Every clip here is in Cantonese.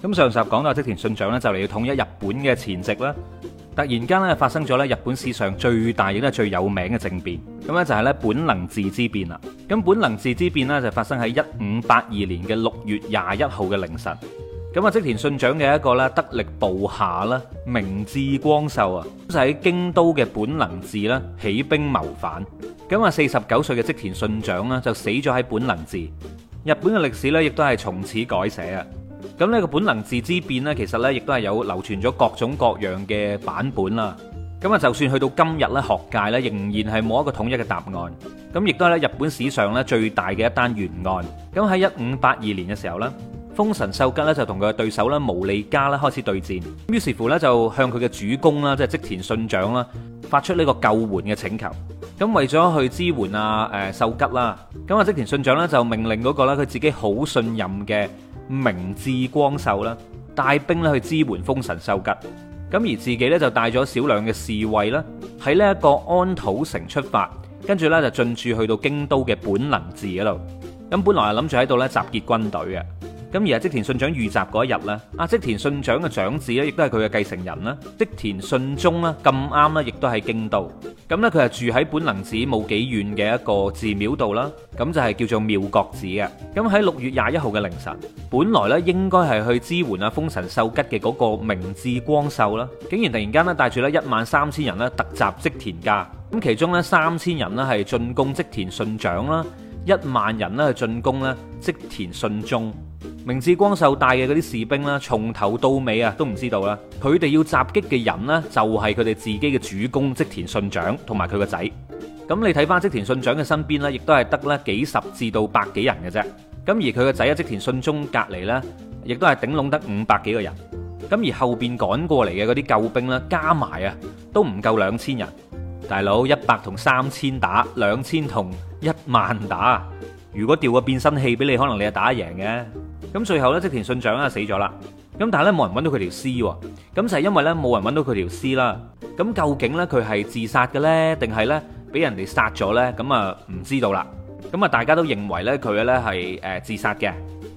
咁上集講到織田信長呢，就嚟要統一日本嘅前夕啦。突然間呢，發生咗呢日本史上最大亦都係最有名嘅政變，咁呢就係呢本能寺之變啦。咁本能寺之變呢就發生喺一五八二年嘅六月廿一號嘅凌晨。咁啊，織田信長嘅一個呢得力部下啦，明智光秀，啊，就喺京都嘅本能寺啦起兵謀反。咁啊，四十九歲嘅織田信長呢就死咗喺本能寺。日本嘅歷史呢亦都係從此改寫啊！咁呢個本能寺之變咧，其實咧亦都係有流傳咗各種各樣嘅版本啦。咁啊，就算去到今日咧，學界咧仍然係冇一個統一嘅答案。咁亦都係咧日本史上咧最大嘅一單懸案。咁喺一五八二年嘅時候啦，豐臣秀吉咧就同佢嘅對手啦毛利家啦開始對戰，於是乎咧就向佢嘅主公啦，即係織田信長啦，發出呢個救援嘅請求。咁為咗去支援啊誒秀吉啦，咁啊織田信長咧就命令嗰個咧佢自己好信任嘅。明智光秀啦，帶兵咧去支援豐臣秀吉，咁而自己咧就帶咗少量嘅侍衛啦，喺呢一個安土城出發，跟住咧就進駐去到京都嘅本能寺嗰度，咁本來係諗住喺度咧集結軍隊嘅。咁而係織田信長遇襲嗰一日咧，阿織田信長嘅長子咧，亦都係佢嘅繼承人啦。織田信忠啦，咁啱啦，亦都係京都咁咧。佢係住喺本能寺冇幾遠嘅一個寺廟度啦，咁就係叫做妙國寺嘅。咁喺六月廿一號嘅凌晨，本來咧應該係去支援阿豐臣秀吉嘅嗰個明智光秀啦，竟然突然間咧帶住咧一萬三千人咧突襲織田家，咁其中咧三千人咧係進攻織田信長啦，一萬人咧進攻咧織田信忠。明智光秀帶嘅嗰啲士兵咧，從頭到尾啊，都唔知道啦。佢哋要襲擊嘅人呢，就係佢哋自己嘅主公，織田信長同埋佢個仔。咁你睇翻織田信長嘅身邊呢，亦都係得咧幾十至到百幾人嘅啫。咁而佢個仔喺織田信忠隔離呢，亦都係頂籠得五百幾個人。咁而後邊趕過嚟嘅嗰啲救兵呢，加埋啊，都唔夠兩千人。大佬一百同三千打，兩千同一萬打，如果調個變身器俾你，可能你係打贏嘅。咁最後呢，織田信長啊死咗啦。咁但係呢，冇人揾到佢條屍喎。咁就係、是、因為呢，冇人揾到佢條屍啦。咁究竟呢，佢係自殺嘅呢？定係呢，俾人哋殺咗呢？咁啊唔知道啦。咁啊，大家都認為呢，佢呢係自殺嘅。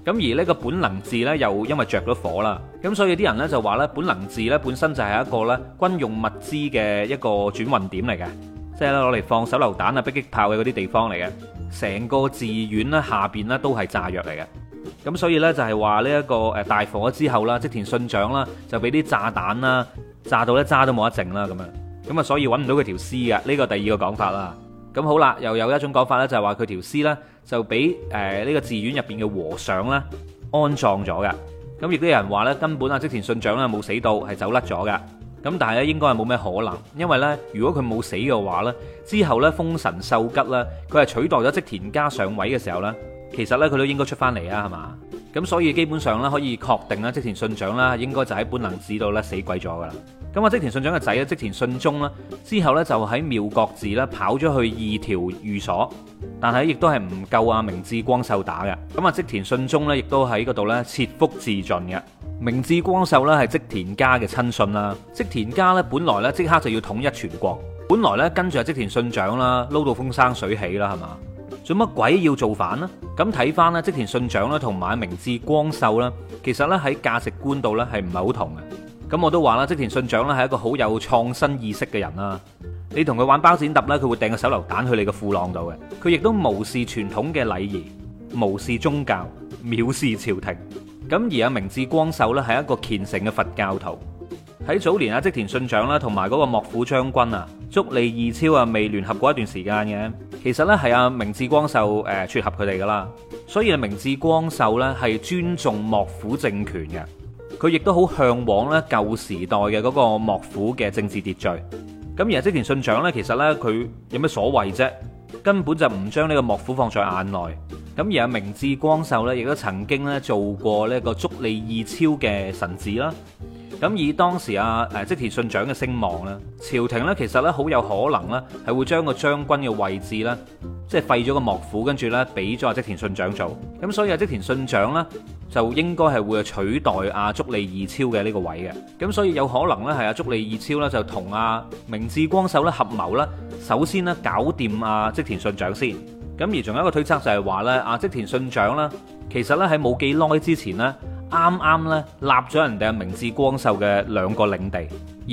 咁而呢個本能寺呢，又因為着咗火啦。咁所以啲人呢，就話呢，本能寺呢本身就係一個呢軍用物資嘅一個轉運點嚟嘅，即係咧攞嚟放手榴彈啊、迫擊炮嘅嗰啲地方嚟嘅。成個寺院呢，下邊呢都係炸藥嚟嘅。咁所以呢，就係話呢一個大火之後啦，織田信長啦就俾啲炸彈啦炸到咧渣都冇得剩啦咁樣，咁啊所以揾唔到佢條屍㗎。呢個第二個講法啦。咁好啦，又有一種講法呢，就係話佢條屍呢就俾呢、呃呢個寺院入面嘅和尚呢安葬咗嘅。咁亦都有人話呢根本啊織田信長呢冇死到，係走甩咗嘅。咁但係咧應該係冇咩可能，因為呢，如果佢冇死嘅話呢之後呢，豐臣秀吉呢，佢係取代咗織田家上位嘅時候呢。其實咧，佢都應該出翻嚟啊，係嘛？咁所以基本上咧，可以確定啦，織田信長咧應該就喺本能寺度咧死鬼咗噶啦。咁啊，織田信長嘅仔咧，織田信忠啦，之後咧就喺妙覺寺啦跑咗去二條寓所，但係亦都係唔夠啊明智光秀打嘅。咁啊，織田信忠咧亦都喺嗰度咧切腹自盡嘅。明智光秀咧係織田家嘅親信啦。織田家咧，本來咧即刻就要統一全國，本來咧跟住啊織田信長啦，撈到風生水起啦，係嘛？做乜鬼要造反呢？咁睇翻咧，織田信長咧同埋明智光秀啦，其實咧喺價值觀度咧係唔係好同嘅。咁我都話啦，織田信長咧係一個好有創新意識嘅人啦。你同佢玩包剪揼咧，佢會掟個手榴彈去你嘅褲浪度嘅。佢亦都無視傳統嘅禮儀，無視宗教，藐視朝廷。咁而阿明智光秀咧係一個虔誠嘅佛教徒。喺早年阿織田信長啦同埋嗰個幕府將軍啊，足利義昭啊未聯合過一段時間嘅。其實呢係啊明智光秀誒撮合佢哋噶啦，所以啊明智光秀呢係尊重幕府政權嘅，佢亦都好向往咧舊時代嘅嗰個幕府嘅政治秩序。咁而啊織田信長呢，其實呢，佢有咩所謂啫？根本就唔將呢個幕府放在眼內。咁而阿明智光秀呢，亦都曾經呢，做過呢個足利義昭嘅臣子啦。咁以當時啊誒織田信長嘅聲望咧，朝廷咧其實咧好有可能咧係會將個將軍嘅位置咧，即係廢咗個幕府，跟住咧俾咗阿織田信長做。咁所以啊織田信長咧，就應該係會取代阿、啊、足利義昭嘅呢個位嘅。咁所以有可能咧係啊足利義昭咧就同阿、啊、明智光秀咧合謀咧，首先咧搞掂阿織田信長先。咁而仲有一個推測就係話咧，阿、啊、織田信長呢，其實咧喺冇幾耐之前呢啱啱咧，納咗人哋啊明智光秀嘅兩個領地，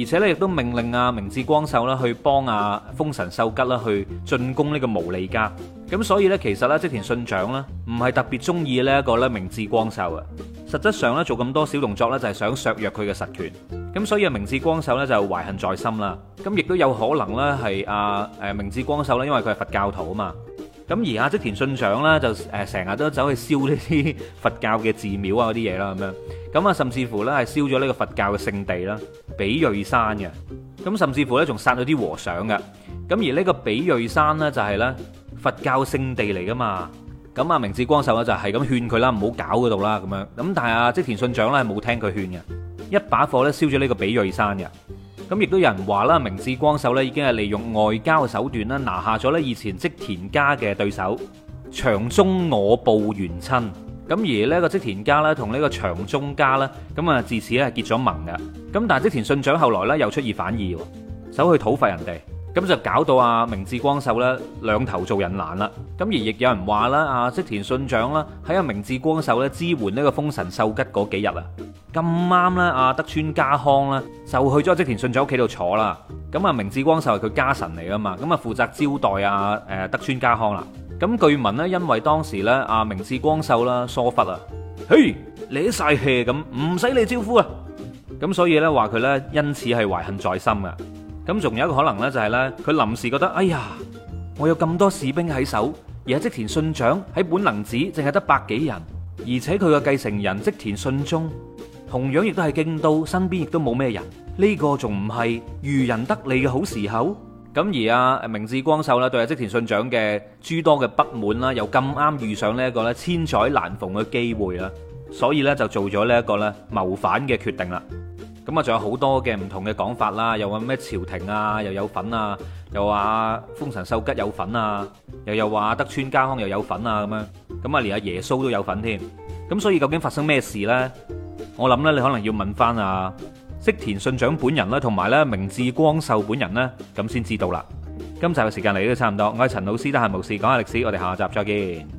而且咧亦都命令啊明智光秀咧去幫啊豐臣秀吉啦去進攻呢個毛利家。咁所以咧，其實咧，織田信長咧唔係特別中意呢一個咧明智光秀嘅，實質上咧做咁多小動作咧就係想削弱佢嘅實權。咁所以啊明智光秀咧就懷恨在心啦。咁亦都有可能咧係啊誒明智光秀咧，因為佢係佛教徒啊嘛。咁而阿即田信長織呢，就成日都走去燒呢啲佛教嘅寺廟啊嗰啲嘢啦咁樣，咁啊甚至乎咧係燒咗呢個佛教嘅聖地啦，比叡山嘅，咁甚至乎咧仲殺咗啲和尚嘅，咁而呢個比叡山咧就係咧佛教聖地嚟㗎嘛，咁啊明智光秀咧就係咁勸佢啦，唔好搞嗰度啦咁樣，咁但係阿織田信長咧係冇聽佢勸嘅，一把火咧燒咗呢個比叡山嘅。咁亦都有人話啦，明智光秀咧已經係利用外交手段啦，拿下咗咧以前織田家嘅對手長宗我部元親。咁而呢個織田家咧同呢個長宗家咧，咁啊自此咧係結咗盟嘅。咁但係織田信長後來咧又出爾反爾喎，走去討伐人哋。咁就搞到阿明智光秀咧兩頭做人難啦。咁而亦有人話啦，阿織田信長啦喺阿明智光秀咧支援呢個豐臣秀吉嗰幾日啊。咁啱啦，阿德川家康啦就去咗織田信長屋企度坐啦。咁啊，明智光秀係佢家臣嚟噶嘛。咁啊，負責招待阿誒德川家康啦。咁據聞呢，因為當時咧阿明智光秀啦疏忽啊，嘿，你嘥氣咁，唔使你招呼啊。咁所以咧話佢咧因此係懷恨在心啊。咁仲有一個可能咧，就係咧，佢臨時覺得，哎呀，我有咁多士兵喺手，而阿織田信長喺本能寺淨係得百幾人，而且佢嘅繼承人織田信忠同樣亦都係京都，身邊亦都冇咩人，呢個仲唔係漁人得利嘅好時候？咁而阿明智光秀咧對阿織田信長嘅諸多嘅不滿啦，又咁啱遇上呢一個咧千載難逢嘅機會啦，所以咧就做咗呢一個咧謀反嘅決定啦。咁啊，仲有好多嘅唔同嘅講法啦，又話咩朝廷啊，又有份啊，又話豐臣秀吉有份啊，又又話德川家康又有份啊，咁樣咁啊，連阿耶穌都有份添。咁所以究竟發生咩事呢？我諗呢，你可能要問翻啊，織田信長本人啦，同埋咧明智光秀本人呢，咁先知道啦。今集嘅時間嚟都差唔多，我係陳老師，得閒無事講下歷史，我哋下集再見。